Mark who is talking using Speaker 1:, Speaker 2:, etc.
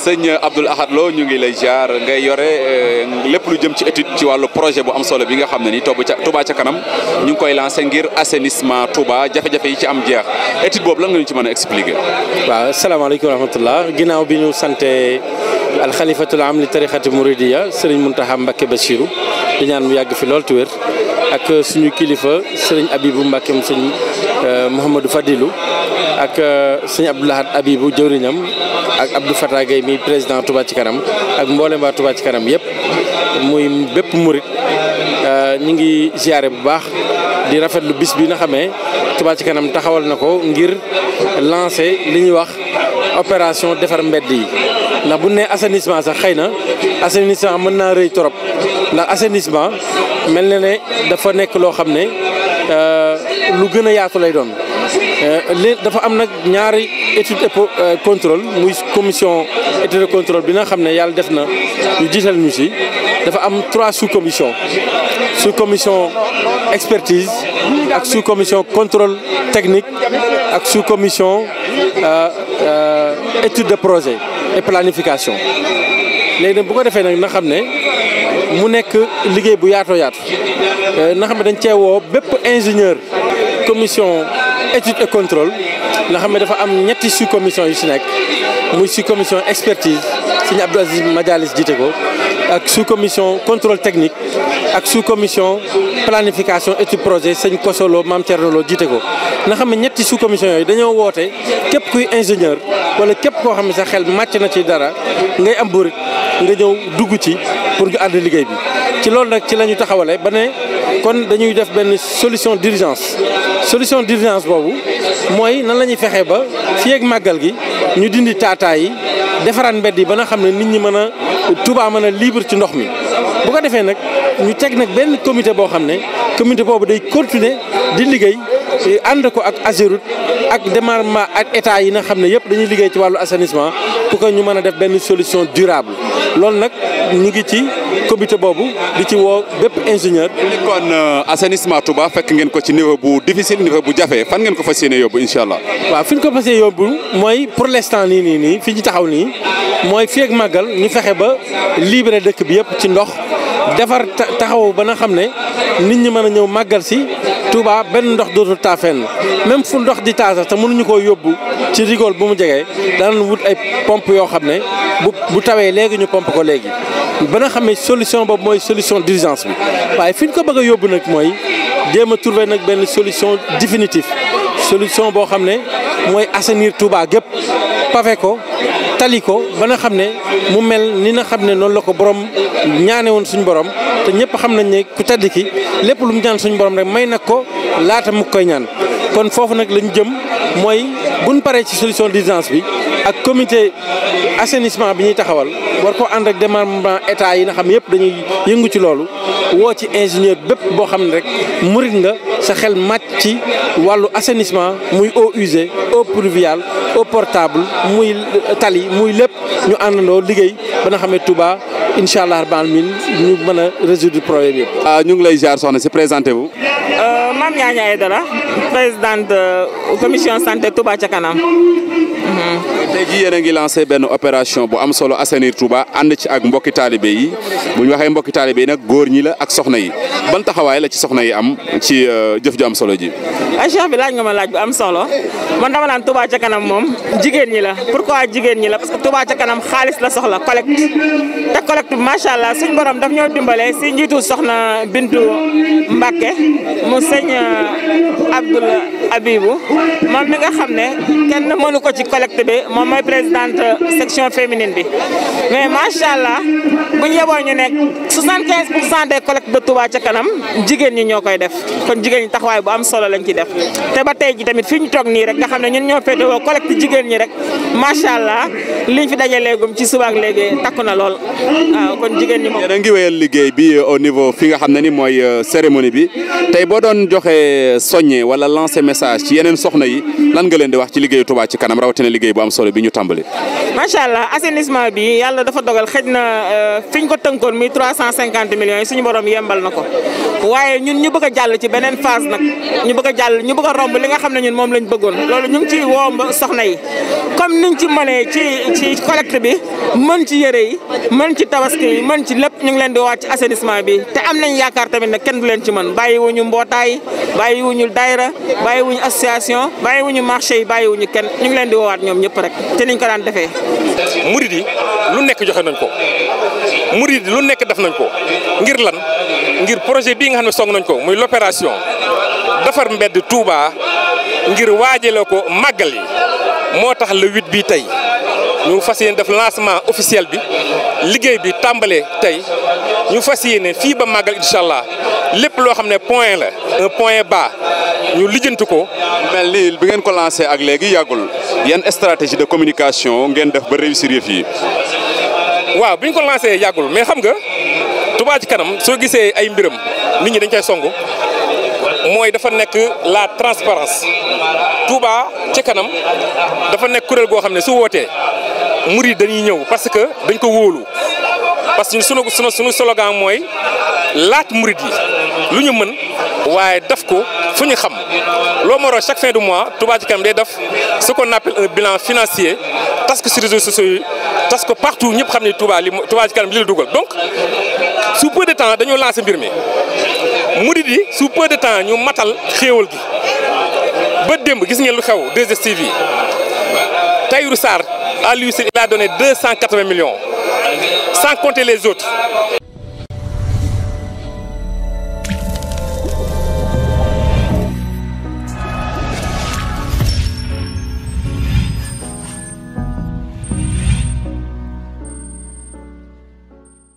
Speaker 1: sëñ Abdoul Ahad ñu ngi lay jaar ngay yore eh, lépp lu jëm ci étude ci wàllu projet bu am solo bi nga xam ne ni Touba ca kanam ñu ngi koy lancé ngir assainissement Touba jafe-jafe yi ci am jeex étude boobu lan nga ñu ci mën a expliquer.
Speaker 2: waaw salaamaaleykum wa rahmatullah ginnaaw bi ñu sante alxalifatul am li tarixati muridiya Serigne Mountakha Mbacké Bassirou di ñaan mu yàgg fi lool te wér. ak suñu kilifa sëriñ Abibu Mbàkkeem sëñ euh, Mouhamadou fadilu ak euh, sëñ Abdoulahad Abibu jëwriñam ak Abdou Fatah Gueye mi président Touba ci kanam ak mboolem waa Touba ci kanam yëpp muy bépp murit euh, ñu ngi ziare bu baax di rafetlu bis bi nga xamee Touba ci kanam taxawal na ko ngir lancer li ñuy wax opération defar mbedd yi ndax bu ne assainissement sax xëy na assainissement mën naa rëy torop ndax assainissement mel na ne dafa nekk loo xam ne euh, lu gën a yaatu lay doon euh, li dafa am nag ñaari étude et euh, contrôle muy commission étude control bi nga xam ne yàlla def na ñu jiital ñu si dafa am trois sous commission sous commission expertise ak sous commission contrôle technique ak sous commission étude de projet et planification léegi nag bu ko defee nag na xam ne mu nekk liggéey bu yaatoo yaatu euh, nga xam dañ ceewoo bépp ingénieur commission étude et control nga xam ne dafa am ñetti sous commission yu si nekk muy si commission expertise Serigne Abdou Aziz Madialis jiite ko ak sous commission contrôle technique ak sous commission planification étude projet sëñ Kosolo Mame Thierno Lo jiite ko na xam ne ñetti sous commission yooyu dañoo woote képp kuy ingénieur wala képp koo xam ne sa xel màcc na ci dara ngay am burit nga ñëw dugg ci pour ñu ànd liggéey bi ci loolu nag ci la ñu taxawale ba ne kon dañuy def benn solution d'urgence solution d'urgence boobu mooy nan la ñuy fexee ba fii ak màggal gi ñu dindi taataa yi defaraat mbedd yi ba na xam ne nit ñi mën a Touba mën a libre ci ndox mi bu ko defee nag ñu teg nag benn comité boo xam ne comité boobu day continuer di liggéey ànd ko ak Azerut ak démarrement ak état yi nga xam ne yëpp dañuy liggéey ci wàllu assainissement pour que ñu mën a def benn solution durable loolu nag ñu ngi ci comité boobu di ci woo bépp
Speaker 1: ingénieur. kon euh, assainissement Touba fekk ngeen ko ci niveau bu difficile niveau bu jafe fan ngeen ko fas
Speaker 2: yéene yóbbu incha allah. waa fi ñu ko fas yéene yóbbu mooy pour l'instant nii nii nii fi ñu taxaw nii mooy fii ak màggal ñu fexe ba libéré dëkk bi yëpp ci ndox defar taxaw ba nga xam ne nit ñi mën a ñëw màggal si. Touba benn ndox dootul taa fenn même fu ndox di taa sax te mënuñu ko yóbbu ci rigole bu mu jege danañ wut ay pompe yoo xam ne bu bu tawee léegi ñu pompe ko léegi. ba nga xamee solution boobu mooy solution d'urgence bi waaye fi ñu ko bëgg a yóbbu nag mooy jéem a trouver nag benn solution définitive. solution boo xam ne mooy assainir Touba gépp pavé ko tali ko ba nga xam ne mu mel ni na xam ne noonu la ko borom ñaane woon suñu borom te ñëpp xam nañ ne ku tedd ki lépp lu mu ñaan suñu borom rek may nag ko laata mu koy ñaan kon foofu nag lañu jëm mooy buñ paree ci solution d'urgence bi ak comité assainissement bi ñuy taxawal war ko ànd ak démembrement état yi na xam yëpp dañuy yëngu ci loolu woo ci ingénieur bépp boo xam ne rek murit nga sa xel màcc ci wàllu assainissement muy eau usée eau pluviale eau portable muy tali muy lépp ñu àndandoo liggéey ba nga xam ne Touba incha allah min ñu mën a résoudre problème ah, ñu ngi lay jaar soxna si présenté vous.
Speaker 3: Euh, Mame Niania Aidara présidente euh, commission santé Touba ca kanam.
Speaker 1: Mhm. léegi yéen a ngi lancé benn opération bu am solo assainir Touba ànd ci ak mbokki taalibe yi bu ñu waxee mbokki taalibe yi nag góor ñi la ak soxna yi ban taxawaay la ci soxna yi am ci euh, jëf ju am solo ji.
Speaker 3: ay cheikh bi laaj nga ma laaj bi am solo man dama naan Touba ca kanam moom jigéen ñi la pourquoi jigéen ñi la parce que Touba ca kanam xaalis la soxla collecte te collecte bi macha allah suñ borom daf ñoo dimbale si njiitu soxna Bintu Mbacke mu sëñ euh, Abdoul moom mi nga xam ne kenn mënu ko ci collecte bi moom mooy présidente section féminine bi mais macha allah bu ñu yeboo ñu nekk 75 pour cent des collectes de Touba ca kanam jigéen ñi ñoo koy def kon jigéen ñi taxawaay bu am solo lañ ci def. te ba tey ji tamit fi ñu toog nii rek nga xam ne ñun ñoo féetewoo collecte jigéen ñi rek macha allah liñ fi dajaleegum ci suba ak léegi takku na lool waaw kon jigéen ñi moom.
Speaker 1: da ngi liggéey bi euh, au niveau fi nga xam ne ni mooy euh, cérémonie bi tey boo doon joxe euh, soññe wala lancer message ci yeneen soxna yi lan nga leen di wax ci liggéeyu Touba ci kanam rawatina liggéey bu am solo bi bi ñu tàmbali.
Speaker 3: macha allah assainissement bi yàlla dafa dogal xëj na euh, fi ñu ko tënkoon muy 350 millions yi suñu borom yembal na ko waaye ñun ñu bëgg a jàll ci beneen phase nag ñu bëgg a jàll ñu bëgg romb li nga xam ne ñun moom lañu bëggoon loolu ñu ngi ciy woo soxna yi comme niñ ci mënee ci ci collecte bi mën ci yëre yi man ci tabaski yi mën ci lépp ñu ngi leen di woo ci assainissement bi te am nañ yaakaar tamit ne kenn du leen ci man bàyyi wuñu mbootaay bàyyi wuñu daayra bàyyi wuñu association bàyyi wuñu marché yi bàyyi kenn ñu ngi leen di woowaat ñoom ñëpp rek te niñ ko naan defee. murid yi
Speaker 4: lu nekk joxe nañ ko murid yi lu nekk def nañ ko ngir lan ngir projet bi nga xam ne song nañ ko muy l'opération defar mbedd Touba ngir waajale ko màggal yi moo tax le huit bi tey ñu fas yéene def lancement officiel bi liggéey bi tàmbalee tey ñu fas yéene fii ba màggal incha allah. lépp loo xam ne point la un point bas ñu lijjanti ko. mel ni
Speaker 1: bi ngeen ko lancé ak léegi yàggul yan stratégie de communication ngeen def ba réussir yëf yi.
Speaker 4: waaw bi ñu ko lancé yàggul mais xam nga Touba ci kanam soo gisee ay mbiram nit ñi dañ cay songu mooy dafa nekk la transparence Touba ci kanam dafa nekk kuréel goo xam ne su wootee murid dañuy ñëw parce que dañ ko wóolu parce que sunu sunu sunu slogan mooy laat murid yi. lu ñu mën waaye def ko fu ñu xam loo moro chaque fin du mois Touba Ca Kanam day def ce qu'on appelle un bilan financier tas ko ci sociaux yi tas partout ñëpp xam ni Touba li Touba Ca Kanam li la dugal donc sous peu de temps dañoo lancé mbir mi murid di sous peu de temps ñu matal xéewal gi ba démb gis ngeen lu xew 2STV yi Tahirou Sarr à lui a donné deux cent quatre-vingts millions sans compter les autres